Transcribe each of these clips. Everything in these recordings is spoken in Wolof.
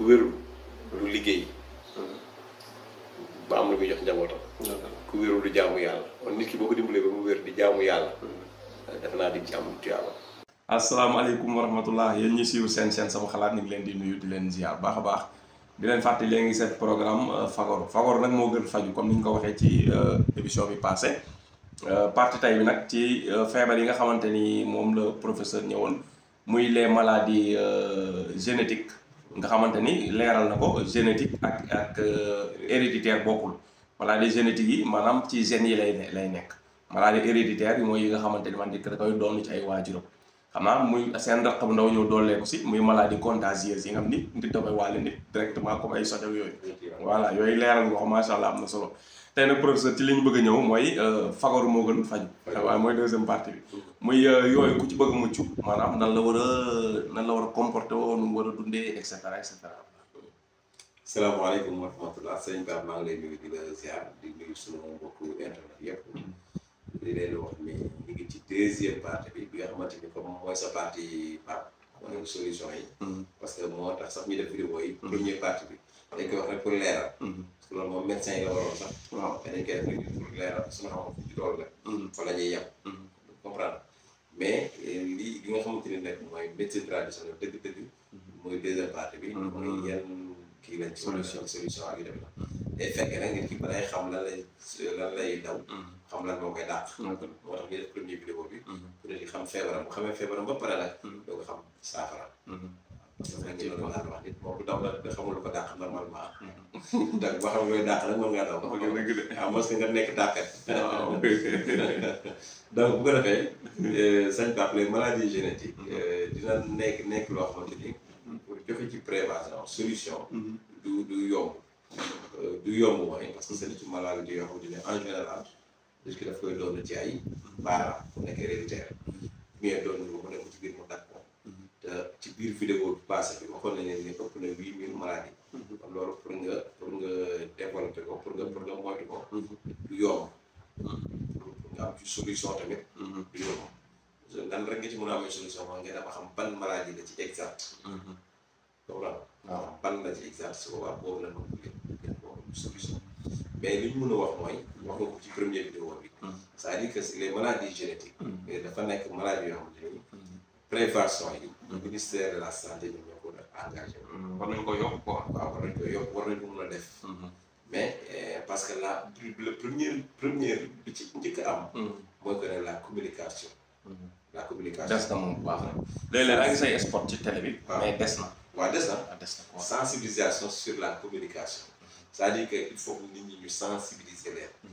ku wérul lu liggéey ba am lu muy jox njabootam ku wérul du jaamu yàlla kon nit ki boo ko dimbalee ba mu wér di jaamu yàlla def naa di ci am tuyaaba asalaamaaleykum wa rahmatullah yéen ñi siiw seen seen sama xalaat ñu ngi leen di nuyu di leen ziar baax a baax di leen fàttali ngi seen programme fagoru euh, fagoru nag moo gën faju comme ni ñu ko waxee ci euh, émission bi passé euh, parti tay bi nag ci feebar yi nga xamante ni moom la professeur ñëwoon muy les maladies génétiques nga xamante ni leeral na ko génétique ak ak euh, héréditaire bokkul maladie génétique yi maanaam ci gènes yi lay lay nekk maladie héréditaire yi mooy yi nga xamante ni man di koy doon ci ay waajuram xam naa muy seen raq bu ndaw ñëw doolee ko si muy maladie contagieuse yi nga xam ni nit da koy wàlle nit directement comme ay sotew yooyu voilà yooyu leeral nga ko macha allah am na solo te nag professeur ci li ñu bëgg a ñëw mooy euh, fagaru moo gën faju waaw mooy deuxième partie bi mm-hmm. muy euh, yooyu ku ci bëgg a mucc maanaam nan la war a nan la war a comporté woo nu mu war a dundee et cetera et cetera salaamaaleykum wa rahmatullah sëñ Ba maa ngi lay nuyu di la ziar di nuyu sunu mbokku wax ni ñu ngi ci deuxième partie bi bi nga xamante ni comme mooy sa partie mm-hmm. que moo tax sax mm-hmm. bi dañ koy wax rek pour leeral loolu moom médecin yi la waroon sax. waaw dañ koy def rek loolu la. fa la ñuy yem. mais lii li nga xamante ni nag mooy médecine traditionnelle dëgg-dëgg. mooy bi. mooy yan kii lañ ci solution solution ak yu dem la. day fekk nag nit ki balay xam lan lay daw. xam lan moo koy dàq. moo tax ñu def premier vidéo bi. pour nit xam feebaram bu ba pare nag. doo xam saafara. dafa nekk loolu laa wax nit boobu daw la nga xamul lu ko dàq normalement. donc boo xam nga dàq rek moom ngaa daw. dëgg la waaw mos nga nekk dàqet. waaw donc bu ko defee. sëñ Pape les maladies génétiques. dina nekk nekk loo xamante ni. pour joxe ci prévention solution. du du yomb. du yomb mooy parce que c'est une maladie yoo xamante ne en général. nit ki daf koy doon ci ay. baara bu nekk héréditaire. mais doon ko biir vidéo bi passé bi waxoon nañ leen ne ëpp na huit mille maladies. kon pour nga pour nga développer ko pour nga pour nga moytu ko. du yomb. pour nga am ci solution tamit. du yomb lan rek nga ci mën a amee solution moom nga dama xam a mais li ñu mën a wax mooy. wax nga ko ci première vidéo bi. c'est-à-dire que les maladies génétiques. Mm. dafa nekk maladie yoo prévention yi. ministère de la santé du ñoo ko engagé. Mm, war nañ ko yokk quoi. waaw war nañ ko yokk war nañ ko def. Mm-hmm. mais eh, parce que la le premier première bi ci njëkk am. Mm-hmm. mooy que la communication. Mm-hmm. la communication des na moom bu baax la. léeg-léeg say sport ci télé bi. mais des na. waaw des na ah, des na quoi. sensibilisation sur la communication. c'est-à-dire que il faut que nous nous ñu sensibiliser leen.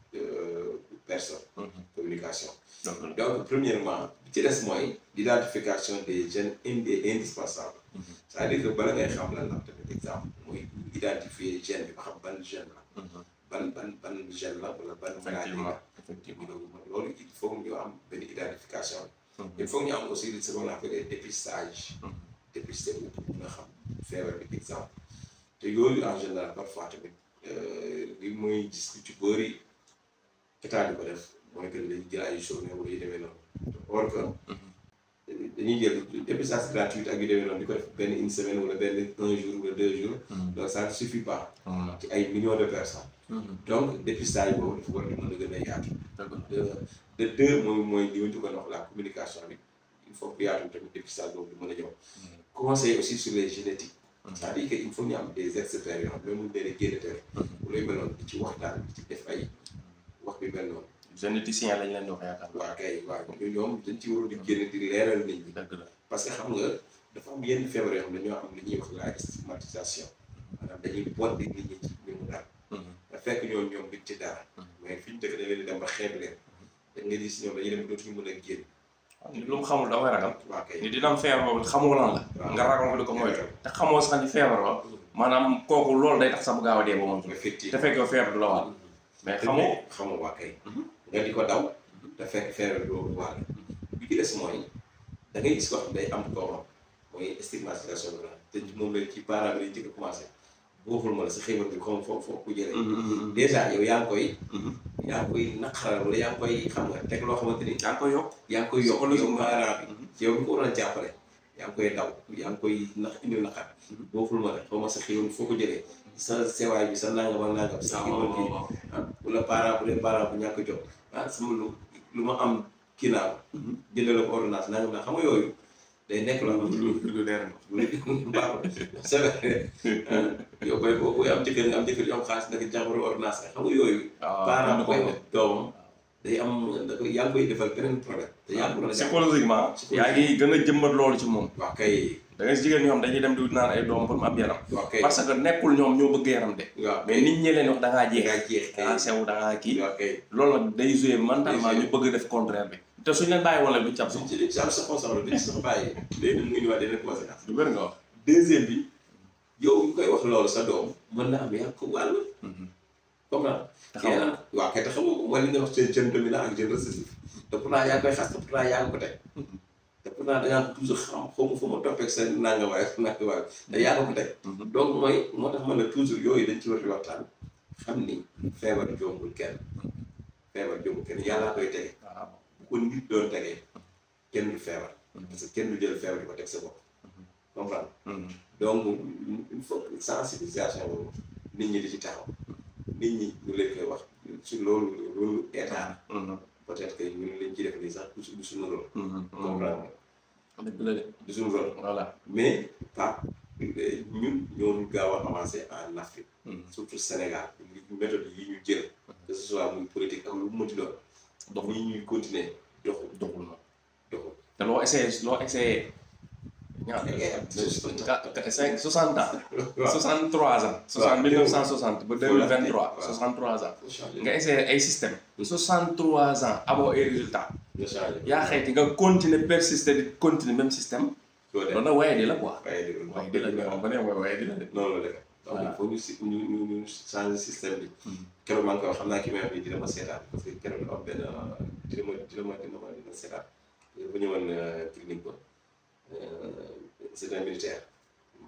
personnes. Hein, mhm. communication. donc premièrement ci des mooy l'identification des jeunes indispensables. ça mhm. veut dire que par exemple xam lan exemple moi, identifier gène bi ba xam ban gène mhm. ban ban ban gène wala ban. effectivement effectivement donc il faut ñu am benn identification. il faut ñu am aussi ce qu'on appelle des dépistage. dépister wu pour nga xam feebar exemple te en général parfois tamit euh, li muy gis ci bëri état di ko def mooy que dañuy jël ay journée wala yu demee noonu. or que dañuy jël dépistage gratuit ak yu demee noonu di ko def benn une semaine wala benn un jour wala deux jours. Mm-hmm. donc ça ne suffit pas. ci ay millions de personnes. Mm-hmm. donc dépistage boobu il faut di mën a gën a yaatu. de deux moy moy li ñu ko wax la communication bi il faut que yaatu tamit dépistage boobu di mën a ñëw. Mm-hmm. conseil aussi sur les génétiques. c'est-à-dire que il faut ñu am des expériences, même des ñu leen génne teel. wala yu mel noonu di ci waxtaan ci def bi mel noonu. généticien lañ leen di wax yaakaar. waaw kay waaw ñoom dañ ci waroon di génn di leeral nit ñi. dëgg la parce que xam nga dafa am yenn feebar yoo xam ne ñoo am li ñuy wax la stigmatisation maanaam dañuy bon nit ñi ci li mu daal. da mhm. fekk ñoom ñoom duñ ci dara. Mhm. mais fi ñu dëkk da leen di dem ba xeeb leen. Mhm. dañ leen di si ñoom dañuy dem dootuñu mën a génn. nit lu mu xamul da koy ragal. waaw kay nit dina am feebar boobu xamoo lan la. nga ragal ko di ko moytu. te xamoo sax ni feebar ba. maanaam kooku loolu day tax sax bu gaaw a dee ba moom. effectivement te fekkee feebar du la waal mais xamoo xamoo waa kay mhm. nga di ko daw da mhm. fekk feebar boobu waale bi ci des mooy da ngay gis wax day am doomam mooy stigmatisation bi la moom la ci parent bi njëkk a commencé booxul ma la sa xéwal bi comme foo foo ko jëlee mhm, dèjà yow yaa ngi koy yaa ngi koy naqaral wala yaa ngi koy xam nga teg loo xamante ni yaa ngi koy yokk yaa ngi koy yokk yow parent bi yow bi ko war a jàppale yaa ngi koy daw yaa ngi koy nax indil naqar boo ful ma rek xaw ma sa xiiwal foo ko jëlee sa sewaay bi sa nangam ak nangam sa xiiwal ah, kii ah wala bu dee parent a jot ah lu ma am kii naa ko mhm. jëndee la ko ordonnance nangam naa xam yooyu day nekk loo xam lu leer na lu baaxul sa ah, yow koy boo am jëkkër nga am jëkkër yu am xaalis nag yooyu ah, parent koy doomam day am da koy yaa ngi koy defal beneen problème. te yaa ngi gën a jëmbat loolu ci moom. waaw kay. jigéen ñoom dañuy dem di naan ay doom pour am yaram. parce que nekkul ñoom ñoo bëgg yaram de. mais nit ñi leen wax da ngaa jeex. da ngaa jeex da ngaa ah, sew da ngaa kii. loolu nag day joué mentalement ñu bëgg def contraire bi. te suñ leen bàyyi wala du càmm sax. du càmm sax constaté du ci sax bëri nga wax. deuxième bi yow ñu koy wax loolu sa doom mën na am yàq wàll. Mm-hmm. comprendre taxawal waaw kay taxawoo ko mooy li nga wax seen yaa ngi koy xas te pourtant yaa te pourtant da ngaa toujours xam xaw ma fa ma toppee mhm. mooy moo tax man ne dañ ci war di waxtaan xam ni feebar jombul kenn feebar jombul kenn yàllaa koy tege bu ko nit doon tegee kenn du feebar mhm. parce que kenn du jël feebar di ko teg sa bopp mhm. comprendre donc il faut sensibilisation boobu nit ñi di ci taxaw nit ñi ñu leen wax ci loolu loolu état mm-hmm. peut-être que ñu lañ ci def nii sax du du suñu rôle mm-hmm. comprendre du suñu rôle voilà mais pas ñun ñoo gaaw a avancé en Afrique mm-hmm. surtout Sénégal méthode yi ñu jël que ce soit muy politique ak lu mu mënti doon dox ñi ñuy continuer doxul doxul na doxul te loo essayé loo essayé waaw cinq soixante ans. waaw soixante trois ans. soixante mille neuf cent soixante ba deux mille vingt trois. soixante trois ans. nga essayé ay système soixante trois ans amoo ay résultats. yaa xayti nga continuer persister di continuer même système. loolu nag waaye di la quoi. waaye di la ñoom ba ne mooy waaye di la de. noonu la de donc il faut ñu si ñu ñu changer système bi. keroog maa ngi koy wax xam naa ki may wax nii dina ma seetaan parce que keroog am benn dina ma dina ma dina ma seetaan. bu ñëwoon clinique ba. Euh, c'est un militaire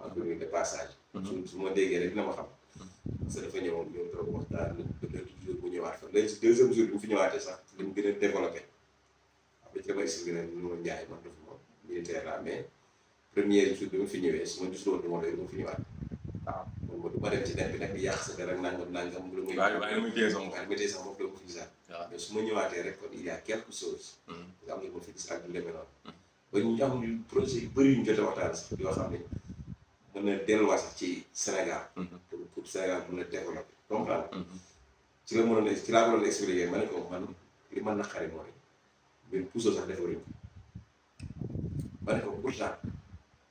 am bëri de passage. Mhm. su ma déggee rek dina ma xam. Mhm. parce que dafa ñëw trop waxtaan bëgg na toujours bu ñëwaat fa léegi si deuxième jour bi mu fi ñëwaatee sax li mu gën a développé waaw dañ ko may expliqué nag ñu ma njaay man dafa ma militaire laa mais premier jour bi ma fi ñëwee su ma gisul woon ma fi ñëwaat waaw man ma du ma dem ci dem bi nag yàq sa dara nangam nangam. lu muy mu téye sama bopp waaye mu téye sama bopp dama ko waaw ah. mais su ma ñëwaatee rek kon il y quelque chose. Mhm. nga am lu ma fi ak lu demee noonu. ba ñu am ñu projet yu bëri ñu a waxtaan sax yoo xam ne mën na delluwaat ci Sénégal. Mhm. pour pour Sénégal mhm. ci la laa mënoon ma ne ko man li man na xarit mooy ma ne ko pourtant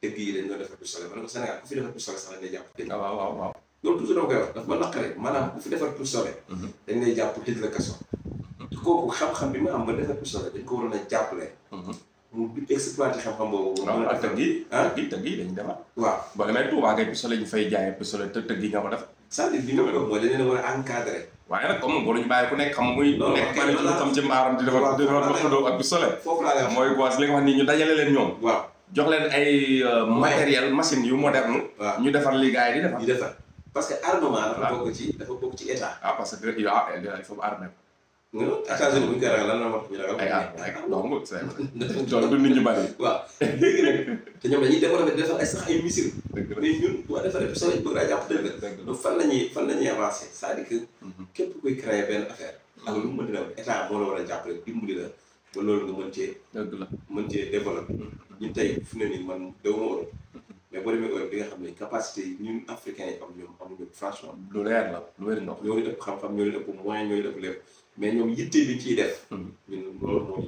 dëkk yi dañ doon defar pour soleil ma ne ko Sénégal ku fi defar pour soleil sax dañ lay jàpp. Ah, waaw waaw waaw ma naqare maanaam mhm. lay jàpp kaso. kooku xam-xam bi ma am ba defar pour soleil dañ ko waroon a jàppale. mu bi exploité xam-xam boobu. waaw ak tëgg yi ah tëgg tëgg yi dañuy defar. waaw boo demee Touba kay pistolet ñu fay jaayee pistolet te tëgg yi nga ko def. c'est-à-dire bi nga ko mooy dañu leen war a encadré. waaye nag comme boo ñu bàyyi ku nekk xam muy. non nekk bari lu xam ci mbaaram di defar di defar waxtu ak pistolet. foofu laa leen mooy boos li jox leen ay matériel machine yu moderne. ñu defar li gars di defar. parce que armement dafa bokk ci dafa bokk ci état. ah parce que il iya, faut ya, armer assassin bu ñu koy ragal lan la wax ñu ragal. ay ah, ay donc ah, c' est vrai nit ñu bari. waaw léegi nag te ñoom dañuy développé defal ay sax ay missiles. dëgg mais ñun boo defaree émission yi bëgg naa jàpp dëgg la. fan la ñuy fan la ñuy avancé c'est-à-dire que. Mhm. képp kuy créer benn affaire. ak lu mu mën di def état moo la war a jàppale dimbali la ba loolu nga mën cee. dëgg la mën cee développé. Mhm. ñun tey fu ne nii man dama woon. mais boo demee Europe di nga xam ne capacité yi ñun africains yi am ñoom amuñu franchement. lu leer la lu leer la ñoo ñu ëpp xam-xam ñoo ñu ëpp moyen ñoo ñu ëpp lépp mais ñoom yitte bi ciy def. Hmm. ñun loolu moo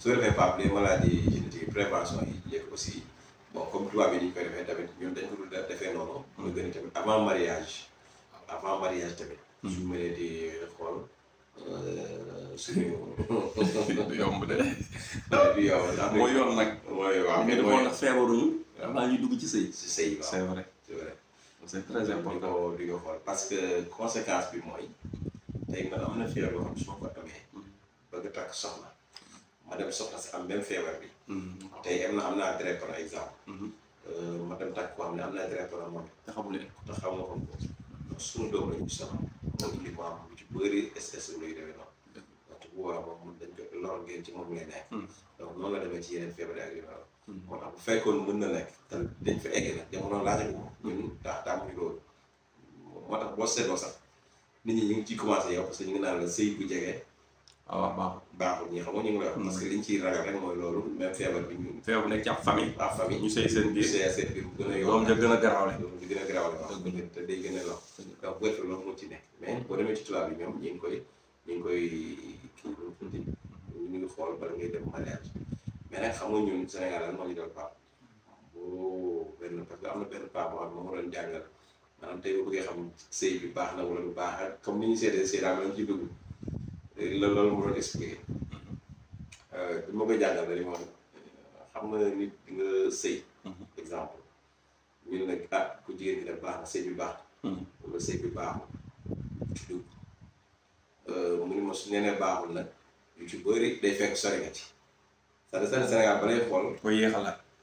su ko defee Pape les maladies génétiques yi yëpp aussi bon ñu koy defee dañ ko dul defee noonu. Hmm. mu gën a tamit avant mariage. avant mariage tamit. Hmm. su mënee di euh, xool. Euh, suñu. du yomb de. mooy yoon nag. mooy waaw mais moo tax feebaruñu. avant ñuy dugg ci sëy. ci sëy waaw c'est vrai. important. di ko xool parce que conséquence bi mooy. day man am na feebar boo xam su ma ko amee bëgg takk soxna ma dem soxna si am même feebar bi mm-hmm. tey am na am naa deret par mm-hmm. euh, am naa moom te xamu leen ko te xamu am ci mm-hmm. bu boobaa mën na nekk te dañ fa egg nag jamono laajal ko ñun daa daa loolu moo tax boo seetloo sax nit ñi ñu ngi ciy commencé yow parce que ñu ngi naan la sëy bu jege. Ah, waaw baaxul baaxul ñi xam nga ñu ngi lay wax. loolu même feebar ci ab famille. loolu da gën a garaawle. loolu da gën a garaawle waaw te day gën a law. donc bu loolu moo ci nekk. ñu ngi koy ñu ngi koy ñu ngi xool bala ngay dem mariage mais nag nga ñun Sénégal lan moo ñu dal paa boo benn parce que am na benn paa boo xam ne moo doon maanaam tey boo bëggee xam sëy bi baax na wala lu baax ak comme ni ñu seetee sëy daa maanaam ci dugg loolu mu doon expliqué euh, bi ma koy jàngal rek moom xam nga nit nga sëy mhm. ne ah ku jigéen ñi baax na sëy baax mhm. wala sëy baaxul ci euh, dugg mu ni ma su nenee baaxul nag yu ci bëri day fekk sori nga ci cest à ba lay xool koy yéexalaat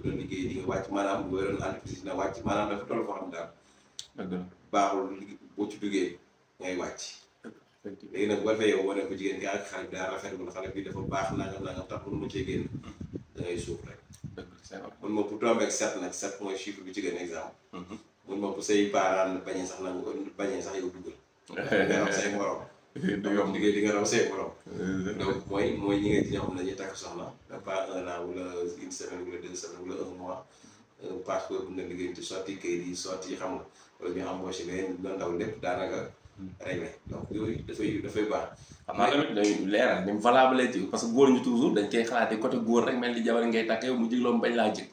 su doon liggéey di nga wàcc maanaam boo yoroon entreprise dina wàcc maanaam dafa toll foo xam daal. dëgg la boo ci duggee ngay wàcc. léegi nag boo fee yow wane ko jigéen nga ak xale bi daa rafet wala xale bi dafa baax nangam nangam tax mënu ma cee génn mm-hmm. da ngay suuf rek. dëgg la c'est vrai mun ma pour tombé ak sept nag sept mooy chiffre bi ci exemple. Mm-hmm. mun ma pour say parents bañee sax nangu ko bañee sax yow dugal. nga say morom. du yomb liggéey di nga raw see borom. donc mooy mooy ñi nga ñoo xam ne dañuy takk soxna pas un an wala une semaine wala deux semaines wala un mois euh, parce que bu nga liggéey ci xam nga wala ñu embauché daanaka. réglé donc yooyu dafay dafay baax. xam naa tamit dañuy leeral ni mu valable ci parce que góor ñu toujours dañ koy xalaatee côté góor rek mel ni jabar ngay takk yow mu jig loom bañ laa jig.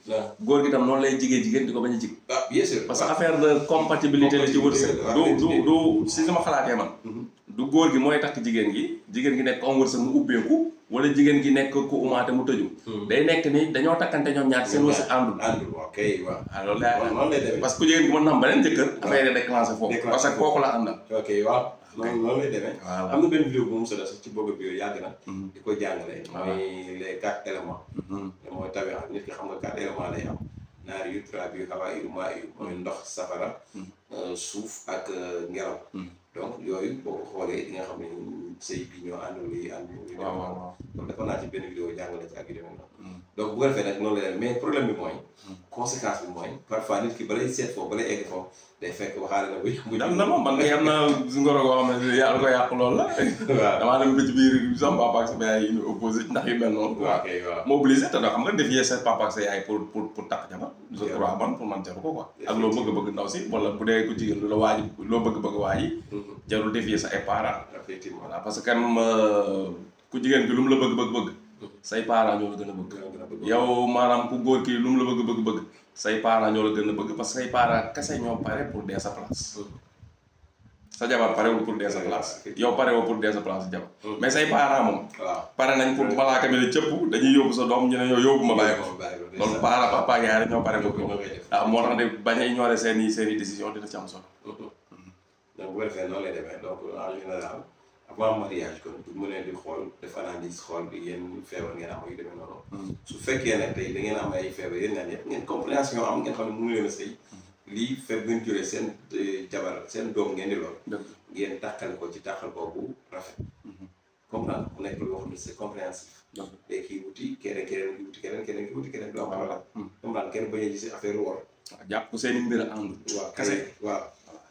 góor gi tam noonu lay jigee jigéen di ko bañ a jig. ah parce que ah. affaire de compatibilité la ci wërsëg. du ah. du du si sama xalaatee man. Mm-hmm. du goor gi mooy takk jigen gi jigen gi nek am wërsëg mu ko wala jigen gi nekk ku umaate mu tëju. Hmm. day nek ni daño takante ñom ñaar seen wërsëg andu hmm. andu ok waaw. Ah, waaw la lay demee parce que jigen gi mo nam am beneen jëkkër. Ah. affaire yi déclenché foofu parce que koku la àndal. ok wa non non lay demee. voilà am na benn vidéo bu mu sa sax ci bëgg bi yàgg na. Hmm. diko ko jàngale. les quatre éléments. mooy tawé nit ki xam nga quatre éléments lay am. nar yu trabi bi yu ma yu. ndox safara. Euh, souf ak euh, ngelaw. donc yooyu boo ko xoolee di nga xam ne sëy bi ñoo àndoon lii ànd ñu waaw waaw kon dafa naa ci benn vidéo jàngale ci ak yu demee noonu mm. donc bu ko defee nag noonu bi mooy mm. conséquence bi mooy na bu sa papa sa yaay pour pour pour takk jabar je crois man pour man jaru ko quoi ak loo bëgg bëgg ndaw si wala bu dee ko jigéen lu la waaji loo bëgg bëgg waaji mm-hmm. jarul défier sa ay parce que quand même ku jigen ki lum la bëgg bëgg bëgg say parents ñoo la gëna bëgg yow manam ku goor ki lum la bëgg bëgg bëgg say parents ñoo la gëna bëgg parce que say parents kasse ñoo pare pour dé sa place sa jabar wu pour dé sa place yow wu pour dé sa place jabar mais say parents mom pare nañ pour ka mi ne cëpp dañuy yobbu sa doom ñu ne yow yobbu ma bàyyi ko loolu para papa yaay rek ñoo pare bëgg waaw mo tax de bañay ñoré seen yi seen décision dina ci am solo donc bu ko defee lay demee donc en général avant mariage kon bu mënee di xool def analyse xool bi yéen feebar ngeen am yu demee noonu. Hmm. su fekkee nag da ngeen am ay feebar yéen ñaan ngeen compréhension am ngeen xam ne mënu leen a sëy hmm. lii fekk ngeen juree seen euh, jabar seen doom ngeen di lool. ngeen tàqale ko ci tàqal boobu rafet. comme daal mu nekk loo xam ne c'est compréhensif. te kii wuti keneen keneen ki wuti keneen keneen ki wuti keneen hmm. doo a gis affaire wor. waaw seen i mbir a ànd.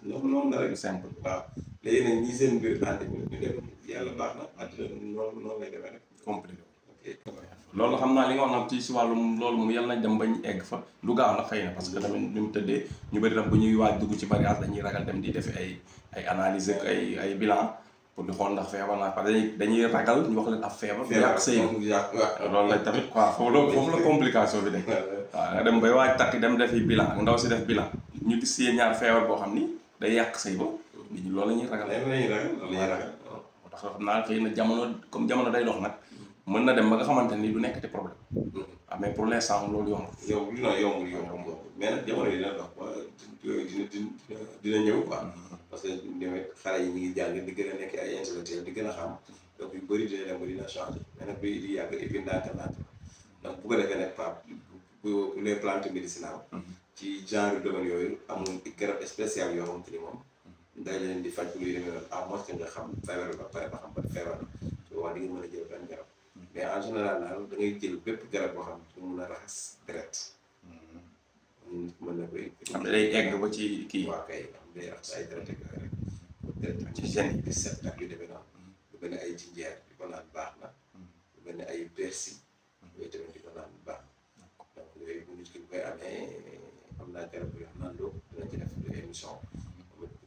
noonu noonu la rek simple waaw. léegi nag ñi seen mbir ànd xam naa li nga wax na ci si wàllum loolu mu yàlla nañ dem bañ egg fa lu gaaw la xëy na parce que tamit ni mu tëddee ñu bëri tam bu ñuy waaj dugg ci mariage dañuy ragal dem di def ay ay analyse ak ay bilan pour di xool ndax feebar naa parce que dañuy ragal ñu wax leen ab feebar. feebar yàq sëy loolu la tamit quoi foofu foofu la complication bi de waaw nga dem bay waaj takk dem defi bilan ndaw si def bilan ñu gis si ñaar feebar boo xam ni day yàq sëy boobu. loolu la ñuy ragal. loolu la ragal loolu la ñuy tax xam naa xëy na jamono comme jamono day dox nag. mën na dem ba nga xamante ni du nekkati problème. ah mais pour l'instant loolu yomb. yow li nga yombul yombul mais nag jamono dina dox quoi dina ñëw quoi. parce que tamit xale yi ñu ngi jàng di gën a nekk ay di gën a xam donc yu bëri dina dem dina changer mais nag yàgg et puis ndànk-ndànk donc bu ko defee nag Pape les mhm. ci genre domaine yooyu amul garab spécial yoo moom. dañ leen di faj luy demee noonu à moins que nga xam feebar ba pare ba xam ban feebar su boobaa di nga mën a jël benn garab mais en général daal da ngay jël bépp garab boo xam ne mun a raxas deret mën na koy. xam ne day egg ba ci kii. waaw kay xam day raxas ay deret ak yooyu rek. ci gène yi di set ak yu demee noonu. lu mel ay jinjeer di ko naan baax na. lu mel ne ay persil. yooyu tamit di ko naan baax na. donc yooyu bu nit ki bu amee am naa garab yoo xam naan doo dina ci def émission.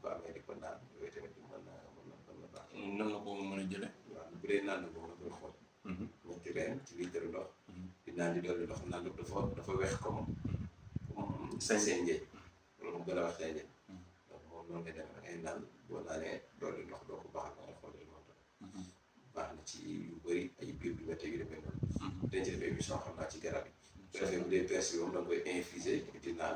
ko amee di ko naan yooyu tamit mën na mën na mën na baax. nan la ko mën a jëlee. waaw bu dee naan boobu nga koy xool. Mhm. ñetti reen ci litre ndox. Mhm. di naan di dolli ndox naan dafa dafa weex ko comme sañ-sañ njëy. loolu mu gën a wax sañ njëy. Mhm. donc moom noonu lay demee da ngay naan boo naanee dolli ndox doo ko baax da ngay xool loolu moom baax na ci yu bëri ay biir bi météo yu demee noonu. dañ ci def émission xam naa ci garab yi. bu defee bu dee persil moom da nga koy infuser di naan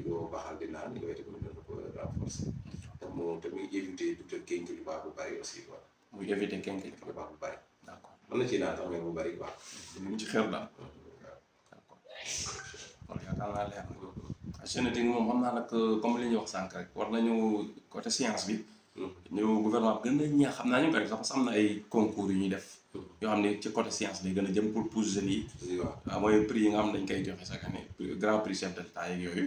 di ko baaxal di naan yooyu tamit dana ko renforcer ndax moom tamit éviter du tëj kénkiliba bu bari mu quoi. muy éviter baax bu bari. d' accord mën na ci naan sax bu bari quoi. mu ci xeer daal. d' accord loolu yaakaar naa na. moom xam naa nag euh, comme li ñuy wax sànq rek war nañu côté science bi. Mm-hmm. ñu gouvernement gën a ñaax xam naa ñu koy sax parce que am na ay concours yu ñu def. Mm-hmm. yoo xam ne ci côté science lay gën a jëm pour pousser jeunes yi. waaw ah, mooy prix yi nga xam ne dañ koy joxe chaque année grand prix chef de l'État yooyu.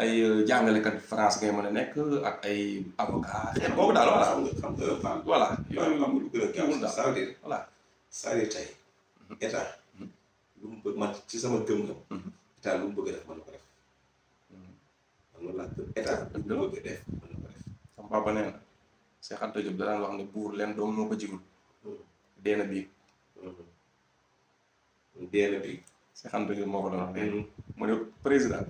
ay kat France ngay mën nek ak ay avocat xeet boobu dal wala xam nga xam nga wala voilà yooyu xam nga lu gën a gaaw cest wala dire voilà cest à état lu mu bëgg man ci sama gëm-gëm. état lu mu bëgg def mën ko def. am loolu laa gëm état lu mu bëgg def mën ko def. sama papa nee Cheikh Anta da wax ni bour len do moo ko jigul. deena biig. deena Cheikh Anta Diop moo ko wax. mu ne président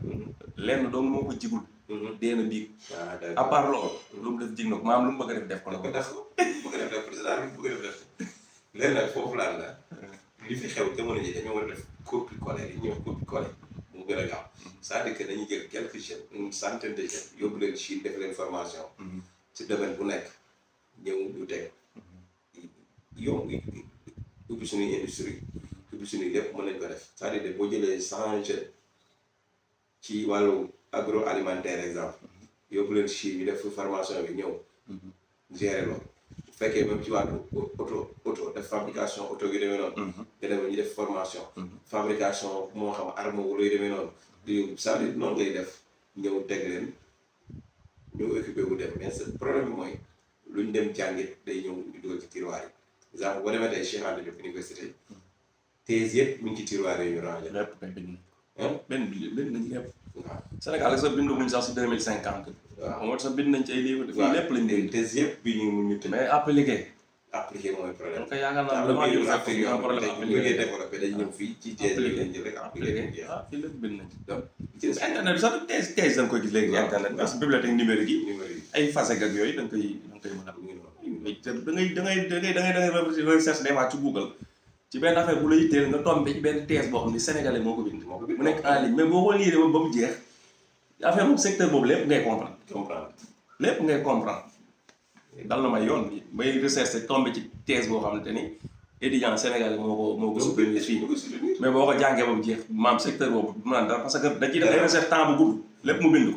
lenn doom moo ko jigul mhm. dee na biig ah, à part loolu lu mu def jig maam lu mu bëgg a def def ko na ko def bëgg a bëgg a def def léegi nag foofu laa la li fi xew jamono ji dañoo war a def copie collé li ñuy wax copie collé mu gën a gaaw mhm. de jeunes yóbbu leen Chine def leen formation mhm. ci bu nekk ñëw ñu teg yomb ubbi suñuy industrie boo jëlee cent jeunes ci wàllu agroalimentaire exemple yóbbu leen Chine ñu def formation bi ñëw mhm. gérer loolu bu fekkee même ci wàllu auto auto def fabrication auto yu demee noonu mhm. nga dem ñu def formation mhm. fabrication moo xam arme wala demee noonu di c'est-à-dire noonu ngay def ñëw teg leen ñëw équipé bu dem mais problème bi mooy luñ dem jàngit day ñëw di dugal ci tiroir yi exemple boo demee tey Cheikh Anta Diop université thèse yëpp mu ci tiroir yi ñu rangé benn benn nañ lépp. waaw Sénégal sax bindaguñ sax si deux mille cinquante. waaw moo sax bind nañ ci ay livre. waaw lépp lañ dégg thèse yëpp bi ñu ñu tëj. mais appliqué. appliqué mooy problème donc yaakaar naa vraiment jël appliqué am problème appliqué développé dañ ñëw fii ci thèse yi lañ jël rek appliqué ah fii lépp bind nañ ci donc ci internet bi sax thèse thèse da nga koy gis léegi internet parce que bibliothèque numérique yi ay faseg ak yooyu da nga koy da nga koy mën a da ngay da ngay da ngay da ngay recherche des fois ci Google ci benn affaire bu nga ci thèse sénégalais bind mu en ligne mais secteur ngay comprendre comprendre ngay comprendre dal na may ci thèse sénégalais parce que da def ay recherche temps bu mu bind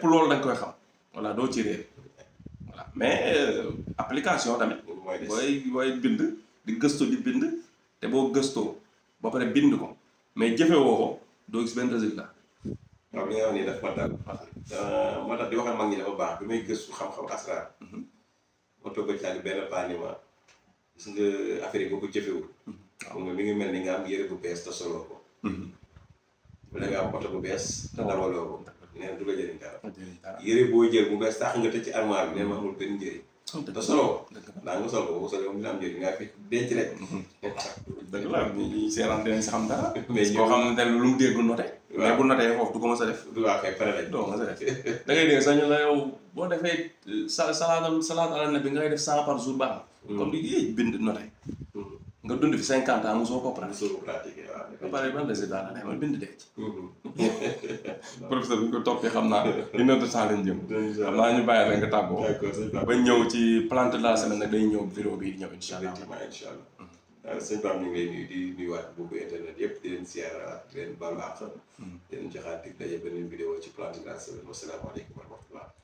ko mm-hmm. da xam voilà ci euh, application tamit bind di di bind te bo gesto ba pare bind ko mais jefe wo ko do gis ben resultat waaw li nga wax nii daf ma dal euh, moo tax di waxal mag ñi dafa baax bi may gëstu xam-xam asra ma toog a caali benn paani ma gis nga affaire yi boo ko wu xam nga mi ngi melni nga am yére bu bees ta solo ko wala nga am oto bu bees te dawaloo ko neen du la jëri dara yére boo jël bu bees tax nga te ci armoire bi neen ma amul benn njëriñ te soloo ko ndax nga sol ko boo solee moom dina am njëriñ nga fi denc rek mhm. dëgg la ñuy seeraan xam dara mais xam ne lu mu du note mais bu notee foofu du ko a def waaw kay a def da ngay dégg ñu la yow boo defee eh, sa salaat salaat ala nabi bi ngay def cent par jour baax comme li bind note nga dund fi cinquante ans mosoo ko pratiqué. mosoo ko pratiqué waaw. ba pare ban résultat la demal bind denc. Mm-hmm. professeur bi ko toppee xam naa une heure de temps lañ jëm. xam naa ñu bàyyi la nga tàggoo. ba ñëw ci la semaine nag bi di ñëw boobu internet yëpp di leen siyaaraat di ci plante de la semaine euh, wasalaamaaleykum mm-hmm. wa rahmatullah